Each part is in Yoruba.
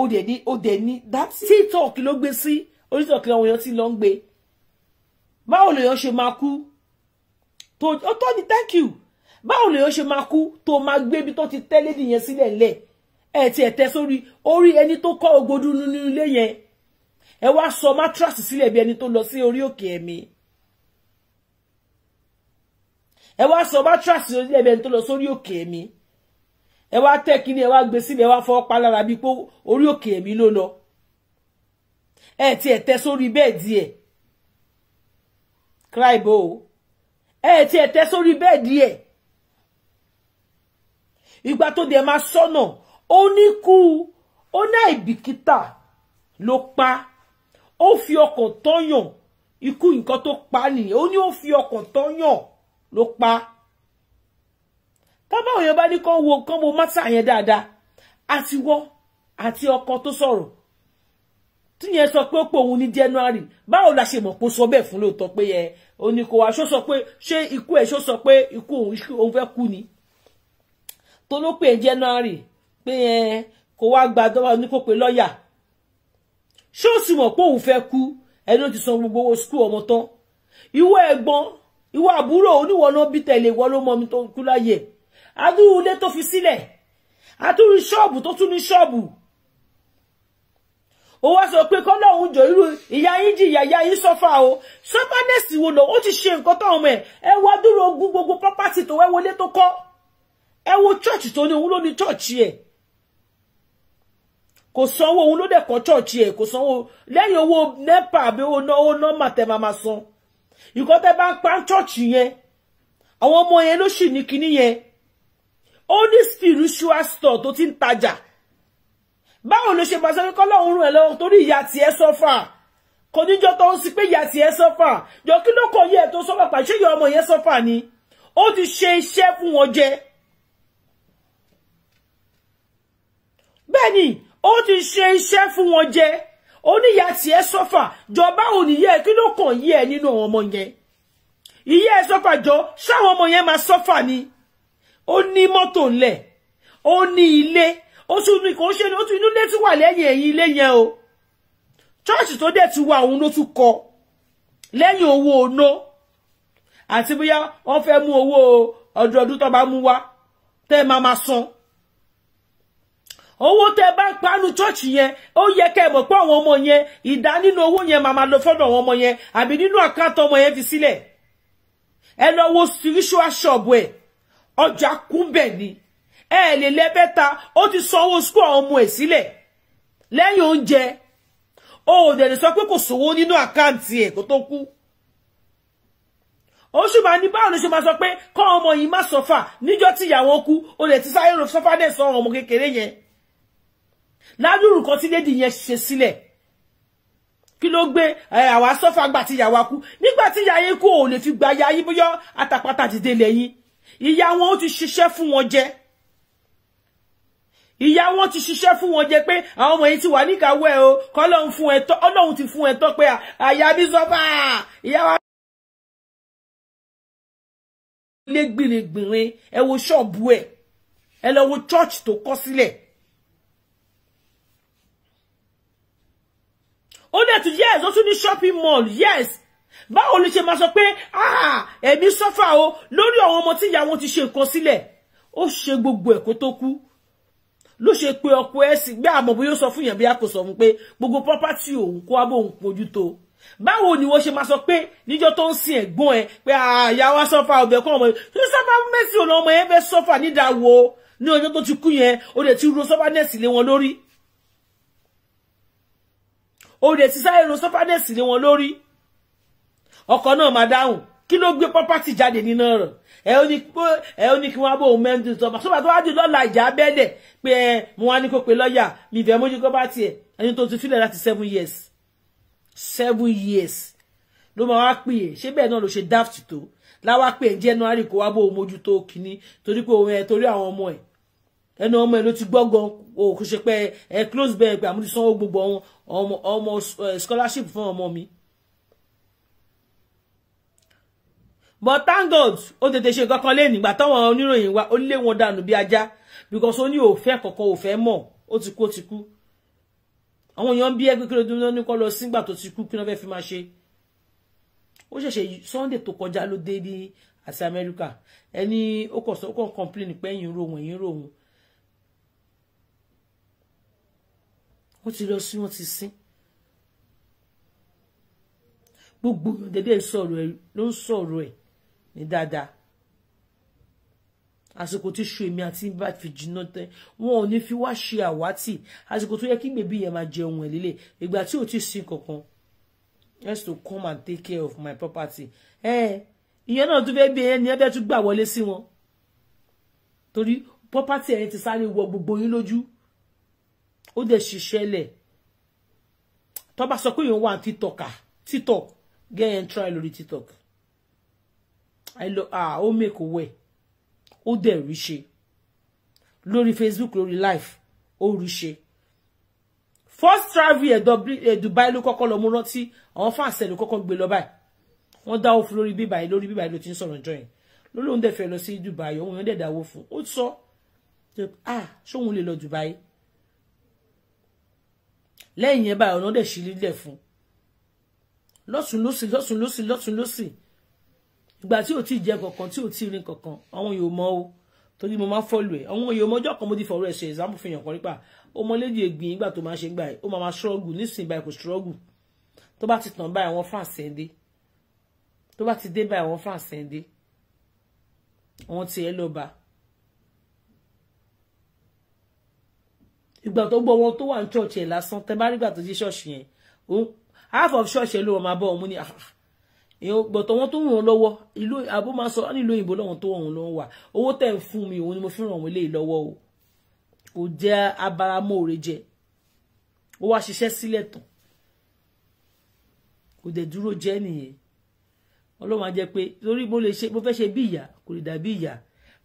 O dẹ̀ ní ó dẹ̀ ní that tiktok ló gbé sí onítọ̀ kí àwọn èèyàn ti lọ ń gbé báwo lèèyàn ṣe máa kú tó ó tó ní thank you báwo lèèyàn ṣe máa kú tó máa gbé ibi tó ti tẹ́lẹ̀ nìyẹn sílẹ̀ ńlẹ̀ ẹ̀ tí ẹ̀ tẹ́ sórí orí ẹni tó kọ́ ògbódú nínú ilé yẹn ẹ wá sọ mátrasì sílẹ̀ bí to lo lọ ori oke mi. ẹ̀mí ẹ wá sọ mátrasì sílẹ̀ bí to lo lọ sórí òkè ẹ̀mí. E wá tẹ́ kíní ẹ wá gbé síbẹ̀ ẹ wá fọwọ́ pa lára bíi pé orí òkè ẹ̀mí ló lọ ẹ tiẹ̀ tẹ́ sórí bẹ́ẹ̀dì ẹ̀ kíláìbò ẹ tiẹ̀ tẹ́ sórí bẹ́ẹ̀dì ẹ̀ ìgbà tó dẹ̀ máa sọ́nà ó ní kú ó ní àìbìkítà ló pa ó fi ọkàn tọ́yàn ikú nǹkan tó pa nìyẹn ó ní fi ọkàn tọ́yàn ló pa tábà òyìn bá ní kán wo kán wo mátà yẹn dáadáa àti wọ àti ọkọ tó sọ̀rọ̀ tíyẹn sọ pé ó pé òun ní January báwo la ṣe mọ̀ pé ó sọ bẹ́ẹ̀ fún lóòótọ́ pé yẹ òní kò wá ṣó sọ pé ṣé ikú ẹ̀ ṣó sọ pé ikú òun fẹ́ kú ni tó ló pè January pé yẹn kò wá gba dọ́wọ́ ní kó pe lọ́ọ̀yà ṣé sì mọ̀ pé òun fẹ́ kú ẹni ó ti san gbogbo owó skul ọmọ tán ìwọ ẹ̀gbọ́n ìwọ àbúrò oníwọ̀n bí tẹ̀lé ìwọ ló mọ omi tó kú láyé Adu ilé tó fi sílẹ̀ adúrú ṣọ́ọ̀bù tó tún ní ṣọ́ọ̀bù ó wá sọ pé kọ́lọ́hún jọ irú ìyá yín jìyà ìyá yín sọ́fà o sọ́fánẹ́sì wo lọ ó ti ṣe nǹkan tó ọmọ ẹ̀ ẹ wá dúró ogún gbogbo pọ́pátì tó wẹ́wọ́ ilé tó kọ́ ẹ wo chọ́ọ̀chì tó ní òun ló ní chọ́ọ̀chì ẹ̀ kò sanwó òun ló dẹ̀ kọ́ chọ́ọ̀chì ẹ̀ kò sanwó lẹ́yìn owó nepa àbí owó náwó nọ́mà tẹ́ máa máa san ìkọ́tẹ́ bá ń pa chọ́ọ̀chì yẹn àwọn ọmọ yẹn ló sì ní kinní yẹn ó ní spiritual store tó ti ń tajà báwo ló ṣe máa sọ pé kọ́lọ́run rún ẹ lọ́wọ́ torí ìyá tiẹ̀ sọ́fà kò níjọ tó ń sin pé ìyá tiẹ̀ sọ́fà jọ kí ló kọ yẹ tó sọ́fà pàṣẹ ìyá ọmọ yẹn sọ́fà ni ó ti ṣe iṣẹ́ fún wọn jẹ bẹ́ẹ̀ ni ó ti ṣe iṣẹ́ fún wọn jẹ oníyà tiẹ̀ sọ́fà jọ báwo nìyẹn kí ló kàn yẹ nínú àwọn ọmọ yẹn ìyá ẹ sọ́fà jọ ṣáwọn ọmọ yẹn máa sọ́fà ni ó ní mọ́tò ńlẹ̀ ó ní ilé ó tún ní kò ṣe ó tún inú ilé tún wà lẹ́yìn ẹ̀yìn ilé yẹn o chọ́ọ̀ṣì tó dẹ̀ ti wà òun ló tún kọ́ lẹ́yìn owó oná àti bóyá wọ́n fẹ́ mú owó ọdọọdún tó bá mú wá tẹ́ ẹ máa máa san owó tẹ́ bá panu chọ́ọ̀chì yẹn ó yẹ kẹ́ ẹ mọ̀ pé àwọn ọmọ yẹn ìdá nínú owó yẹn máa máa lọ fọ́dọ̀ àwọn ọmọ yẹn àbí nínú àkáǹtì ọmọ yẹn fi sílẹ̀ ẹ lọ wo spiritual shop ẹ̀ ọjà kúnbẹ̀ ni ẹ lè lẹ́bẹ́ta ó ti sanwó skul àwọn ọmọ ẹ̀ sílẹ̀ lẹ́yìn oúnjẹ o ò dẹ̀ lè sọ pé kò sówó nínú àkáǹtì ẹ̀ kó tó kú ó ṣùgbọ́n ní báwọn ṣe máa sọ pé kọ́ ọmọ yìí má sọ́fà níjọ́ tí ìyàwó kú o lè ti sáré sọ́fà dẹ̀ sọ ọmọ kékeré yẹn ládùrù kan tí lédi yẹn ṣe sílẹ̀ kí ló gbé àwa sọ́fà gbà tí ìyàwó kú ò lè fi gba ayé bóyá àtàpátá ti dé lẹ́yìn ìyá wọn ó ti ṣiṣẹ́ fún wọn jẹ ìyá wọn ti ṣiṣẹ́ fún wọn jẹ pé àwọn ọmọ yìí ti wà níkàwé o kọ́lọ́hún fún ẹ̀tọ́ ọlọ́hun ti fún ẹ̀tọ́ pé àyà mi sọ bá ìyá wa. ilé gbìnrìngbìnrin ẹ wo ṣọ́ọ̀bù ẹ̀ ẹ lọ wo church tó kọ́ sílẹ̀. ó dẹ̀ tún yes ó tún ní shopping mall yes báwo ni ṣe máa sọ pé ah, ẹ̀mí sọ́fà o lórí àwọn ọmọ tí ìyá wọn ti ṣe nǹkan sílẹ̀ ó ṣe gbogbo ẹ̀ kó tó kú ló ṣe pé ọkọ ẹ̀ sì gbé àmọ́ bóyá ó sọ fún yẹn bí a kò sọ fún pé gbogbo pọ́pátì òun kó abó òun pojú tó báwo ni wọ́n ṣe máa sọ pé níjọ́ tó ń sin ẹ̀gbọ́n ẹ pé àyà ah, wa sọ́fà ọbẹ̀ kọ́ ọmọ yẹn tó sọ́fà mẹ́sì òun ọmọ yẹn fẹ́ sọ́fà nídàáwó ní ọjọ́ tó ti kú yẹn ó dẹ̀ ti ro sọ́fà nẹ́ẹ̀sì lé wọn lórí ó dẹ̀ ti sáré ro sọ́fà nẹ́ẹ̀sì lé wọn lórí ọkọ náà máa dáhùn kí ló gbé property jáde nínú ọ̀rọ̀ ẹ ó ní pé ẹ ó ní kí wọn á bọ òun mẹ́rin tó bá tó wá di lọ́la ìjà abẹ́lẹ̀ pé ẹ mo wá ní kó pe lọ́ọ̀yà mi ìfẹ́ mójú kó bá tiẹ̀ ẹni tó ti filẹ̀ láti seven years seven years ló máa wá pè é ṣé bẹ́ẹ̀ náà ló ṣe daft tó láwá pè é January kó wá bọ òun mójú tó kínní torí pé òun ẹ torí àwọn ọmọ ẹ ẹnu ọmọ ẹ ló ti gbọ́ngàn o ṣe pé ẹ close bẹ́ẹ̀ pé àmúdísánwó gbogbo ọmọ eh, scholarship fún ọmọ mi but thank God ó tètè ṣe nǹkan kan lé nígbà táwọn oníròyìn wa ó lé wọn dànù bí ajá because ó ní òfẹ́ kọ̀ọ̀kan òfẹ́ mọ̀ ó ti kú ó ti kú àwọn èèyàn bí ẹgbẹ́ kílódé náà ní kọ́ lọ sígbà tó ti kú kí wọ́n fẹ́ fi máa ṣe ó ṣẹ̀ṣẹ̀ Sunday tó kọjá ló dé ní àti Amẹ́ríkà ẹni ó kàn ó kàn complain pé ẹ̀yìn rohun ẹ̀yìn rohun wọ́n ti lọ sí wọ́n ti sin gbogbo èèyàn dédé sọ̀rọ̀ ẹ̀ ló ń sọ̀rọ̀ ẹ̀ ní dáadáa àsìkò tí ṣu èmi àti bá fi jiná tẹ wọn ò ní fi wá ṣe àwátì àsìkò tó yẹ kí gbèbí yẹn máa jẹ ohun ẹ líle ìgbà tí ò ti sin kankan has to come and take care of my property ìyẹn náà tún fẹ́ bí ẹyẹ ni ẹ bẹ́ẹ̀ tún gbà wọlé sí wọn torí property ẹ̀yẹn ti sáré wọ gbogbo yín lójú ó dẹ̀ ṣiṣẹ́ lẹ̀ tó bá sọ pé èèyàn wà ní títọ̀kà títọ̀ gẹ́yẹn try lórí títọ̀kà i love ah ó make owó ẹ̀ ó dẹ̀ rí ṣe lórí facebook lórí life. ó rí ṣe first travel ẹ̀ dubai ló kọ́kọ́ lọ mú rántí àwọn fans ẹ̀ ló kọ́kọ́ gbé lọ báyìí wọ́n dáwó fún lórí bíbáyìí lórí bíbáyìí ló ti ń sọ̀rọ̀ jọ yẹn lórí òun dẹ̀ fẹ́ dubai òun yẹn dẹ̀ dáwó fún ó sọ ah ṣóun lè lọ dubai lẹ́yìn yẹn báyìí ọ̀nà dẹ̀ ṣí lílẹ̀ fún lọ́sùn lọ́sìn lọ́sùn lọ́sìn lọ́sùn lọ́sìn ìgbà tí ò tí ì jẹ kankan tí ò tí ì rìn kankan àwọn yóò mọ o torí mo máa ń fọlù ẹ àwọn yóò mọ ọjọ́ kan mo ti fọ̀rọ̀ ẹ ṣe ẹsàmù fi hàn kan nípa ọmọlédè ègbìn ìgbà tó máa ṣe gbà ẹ ó máa máa ṣọrọgù nísìnyí báyìí kò ṣọrọgù tó bá ti tàn báyìí àwọn france ẹ dé tó bá ti dé báyìí àwọn france ẹ dé àwọn tiẹ̀ lọ bá ìgbà tó gbọ́ wọn tó wà ní ṣọ́ọ̀ṣì ẹ lásán tẹ bá rí ìgbà tó dé ṣọ́ọ̀ṣì yẹn half of ṣọ́ọ̀ṣì ẹ ló wọn máa bọ ọmú ni àhàhà ah, ah, èèyàn gbọ̀tọ̀ wọn tó ń ràn lọ́wọ́ ìlú àbó máa sọ nílùú òyìnbó lọ́wọ́n tó ọ̀hún lọ́wọ́ wà owó tẹ̀ fún mi òun ni mo fi ràn wọ́n eléyìí lọ́wọ́ o kò jẹ́ abáramóore jẹ ó wá ṣiṣẹ́ sílẹ̀ tán kò dẹ̀ dúró jẹ́ nìyẹn ọlọ́run á jẹ́ pé torí mo lè ṣe mo fẹ́ ṣe bí ìyá kò lè dàbí ìyá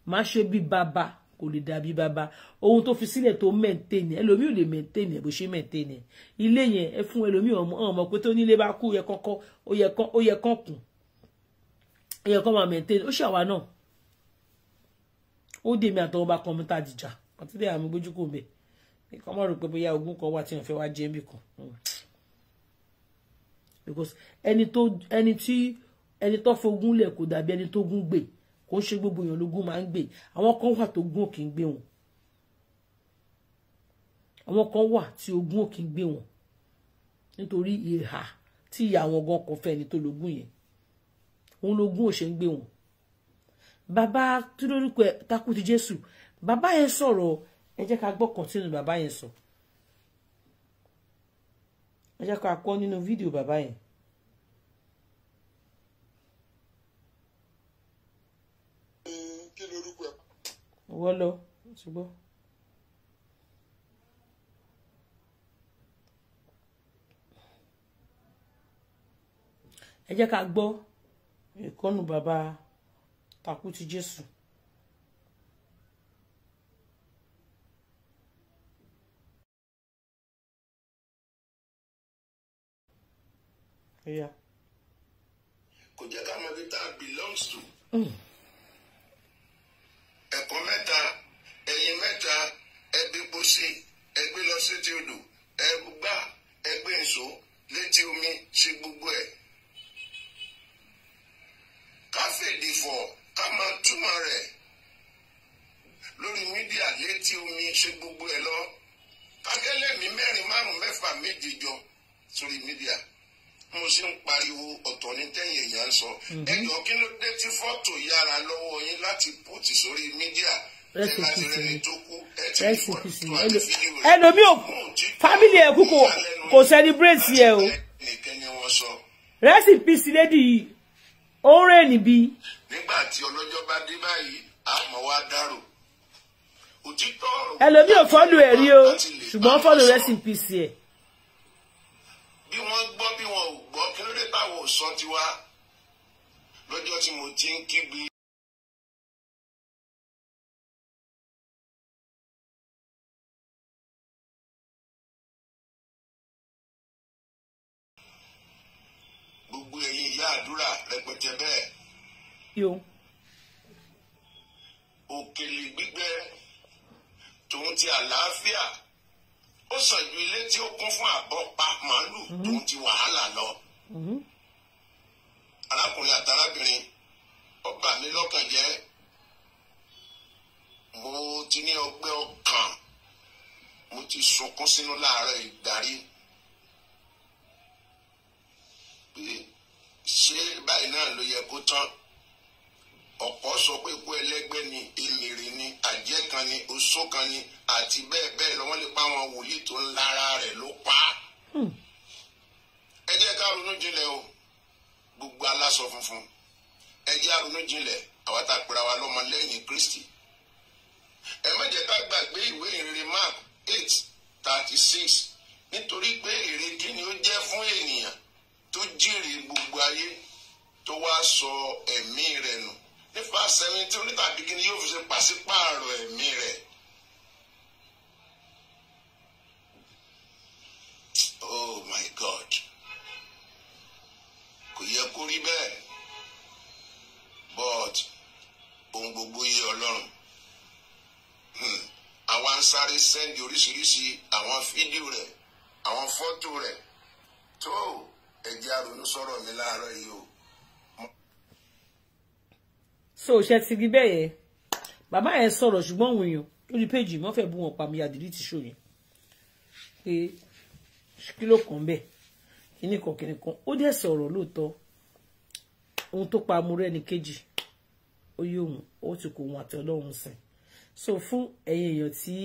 má ṣe bí bàbá kò lè dàbí bàbá ohun tó fi sílẹ̀ tó maintain ẹ̀ ẹlòmíì ò lè maintain ẹ̀ bó ṣe maintain ẹ̀ ilé yẹn ẹ fún ẹlòmíì ọmọ ọmọ pé tó nílé bá kú ó yẹ kọ́kọ́ ó yẹ kán ó yẹ kán kù ó yẹ kán máa maintain ó ṣàwa náà ó dèmi àtọwọ́ bá kan mi tá a dìjà àti dé àmì gbójú kò bẹ̀ kọ́ mọ̀ rò pé bóyá ogún kan wà tí wọ́n fẹ́ wá jẹ́ nbìkan because ẹni tó ẹni tí ẹni tó fogún lẹ̀ kò dàbí ẹni tó gún gbè kò ṣe gbogbo èèyàn lógún máa ń gbé àwọn kan wà tó gún òkè ń gbé wọn àwọn kan wà tí ogún òkè ń gbé wọn nítorí ìhà tí ìyá àwọn gan kò fẹ́ ẹni tó lógún yẹn òun lógún òṣè ń gbé wọn bàbá tí lórúkọ ẹ takú ti Jésù bàbá yẹn sọ̀rọ̀ ẹ jẹ́ ká gbọ́ kàn sínú bàbá yẹn sọ ẹ jẹ́ ká kọ nínú fídíò bàbá yẹn. ìwọ lọ ṣùgbọ́n. ẹ jẹ́ ká gbọ́ ìkọ́nù bàbá Takuti Jésù. kò jẹ́ ká mọ ibi tá belongs to. Mm. sọ mhm. ẹjọ kí ló dé tí fọ́tò yára lọ́wọ́ yín láti pòtì sórí mídíà ẹlòmí ò fámìlì ẹ kú kò celebrate yẹ o rẹ́sìpì sí lédi yìí ó rẹ̀ níbí. nígbà tí ọlọ́jọ́ bá dé báyìí àmọ́ wá dárò òtítọ́ ọ̀rọ̀. ẹlòmí ò fọ́lù ẹ̀ rí o ṣùgbọ́n fọ́lù rẹ́sìpì sí ẹ̀. bí wọ́n gbọ́ bí wọ́n gbọ́ kí ló dé báwo sọ tiwa lọ́jọ́ tí mo ti ń kígbe. gbogbo ẹ̀yin ìyá àdúrà rẹpẹtẹ bẹ́ẹ̀. yóò òkèlè gbígbẹ tòun ti àlàáfíà ó sàn ju ilé tí ó kún fún àbọ̀ pa màálù mhm. tòun ti wàhálà lọ arákùnrin àtàrábìnrin ó bà mí lọ́kàn jẹ́ mo ti ní ọgbẹ́ ọkàn mo ti sunkún sínú láàárọ̀ ìdarí pé ṣé báyìí náà ló yẹ kó tán ọ̀pọ̀ sọ pé ikú ẹlẹ́gbẹ́ ni èmèrè ni àjẹ́ kan ni oṣó kan ni àti bẹ́ẹ̀ bẹ́ẹ̀ lọ wọ́n lè pa àwọn wòlíì tó ń lára rẹ̀ ló pa á hmm. ẹ jẹ́ ká ronú jinlẹ̀ o gbogbo aláṣọ funfun ẹ jẹ́ àrònú jinlẹ̀ tá a pera wa lọ́mọ lẹ́yìn Kristi ẹ má jẹ́ ká gbàgbé ìwé ìrere Mark eight thirty six nítorí pé èrè kíni ó jẹ́ fún ènìyàn tó jèrè gbogbo ayé tó wá sọ ẹ̀mí rẹ̀ nù nípasẹ̀ ẹni tí onítàbí kíni yóò fi ṣe pàṣípààrọ̀ ẹ̀mí rẹ̀. oríṣiríṣi àwọn fídíò rẹ̀ àwọn fọ́tò rẹ̀ tó ẹ àrònú sọ̀rọ̀ mi láàárọ̀ yìí o. so ṣe ti rí bẹ́ẹ̀ yẹn bàbá yẹn sọ̀rọ̀ ṣùgbọ́n òun èèyàn lórí péjì wọ́n fẹ́ bú wọn pa mi àdìrí ti ṣò yẹn pé kí ló kàn bẹ́ẹ̀ kíní kan kíní kan ó dẹ̀ sọ̀rọ̀ lóòótọ́ ohun tó pa amúrẹ́ ní kejì ó yí òun ó ti kó òun àti ọlọ́run sìn so fún ẹ̀yin èèyàn tí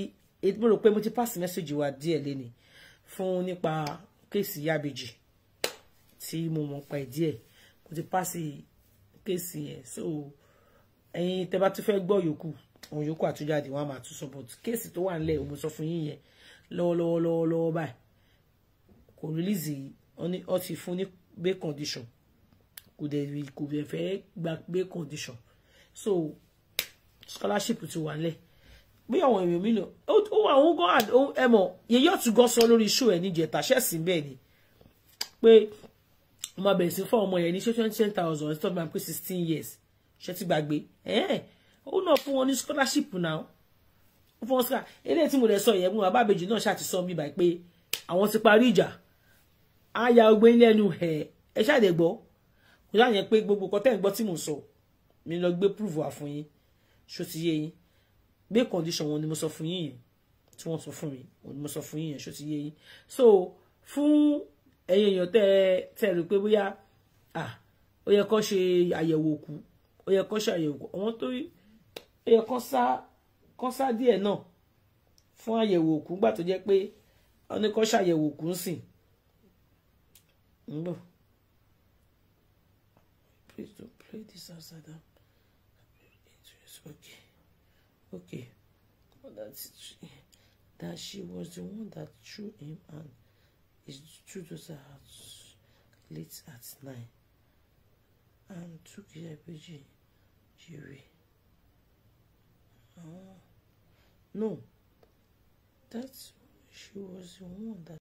mo rò pé mo ti pass message wa díẹ̀ lẹ́ni fún nípa kéèsì yábejì tí mo mọ̀ pa ẹ̀ díẹ̀ mo ti pass kéèsì yẹn so ẹ̀yin tẹ́ bá tún fẹ́ gbọ́ yòókù òun yòókù àtújáde wọn a máa tún sọ but kéèsì tó wà nílẹ̀ òun sọ fún yín yẹn lọ́wọ́lọ́wọ́ lọ́wọ́lọ́wọ́ báyìí kò release ọ ti fún ní bail condition kò dẹ̀ kò dẹ̀ fẹ́ gba bail condition so scholarship ti wà nílẹ̀ bí àwọn èèyàn mi lọ ó wà òun gan ẹ mọ̀ yẹyẹ ọtúgán sọ lórí iṣu ẹ níjẹta ṣẹẹsì bẹ́ẹ̀ ni pé mo máa bẹ̀rẹ̀ sí fún ọmọ yẹn ní ṣé twenty ten thousand stop my pre sixteen years ṣé ti gbàgbé ó náà fún wọn ní scholarship náà ó fún wọn sí ká eléyìí tí mo lè sọ yẹn mú bàbá àbèjì náà ṣàti sọ mí báyìí pé àwọn ti parí ìjà á ya ogbe lẹ́nu ẹ̀ ẹ ṣàdé gbọ́ kò sáà yẹn pé gbogbo kọ́tẹ́ ń gbọ́ tí mò ń sọ mi lọ gbé proof wá fún yín ṣó ti yé yín gbé condition wọn ni mo sọ fún yín yẹn tí wọ́n sọ fún mi wọn ni mo sọ fún yín yẹn ṣó ti yé yín so fún ẹ̀yin èèyàn tẹ́ tẹ́ rò pé bóyá ah ó yẹ kán ṣe àyẹ̀wò òkú ó yẹ kán ṣe àyẹ̀wò òkú àwọn tó ó yẹ kán sá kán sá díẹ̀ náà fún àyẹ̀wò òkú gbà tó jẹ́ pé wọ́n ní kán ṣàyẹ̀wò òkú ń sìn Please don't play this outside. Okay. Okay. That, that she was the one that threw him and his two daughters out late at nine and took their baby away. Oh. No. That she was the one that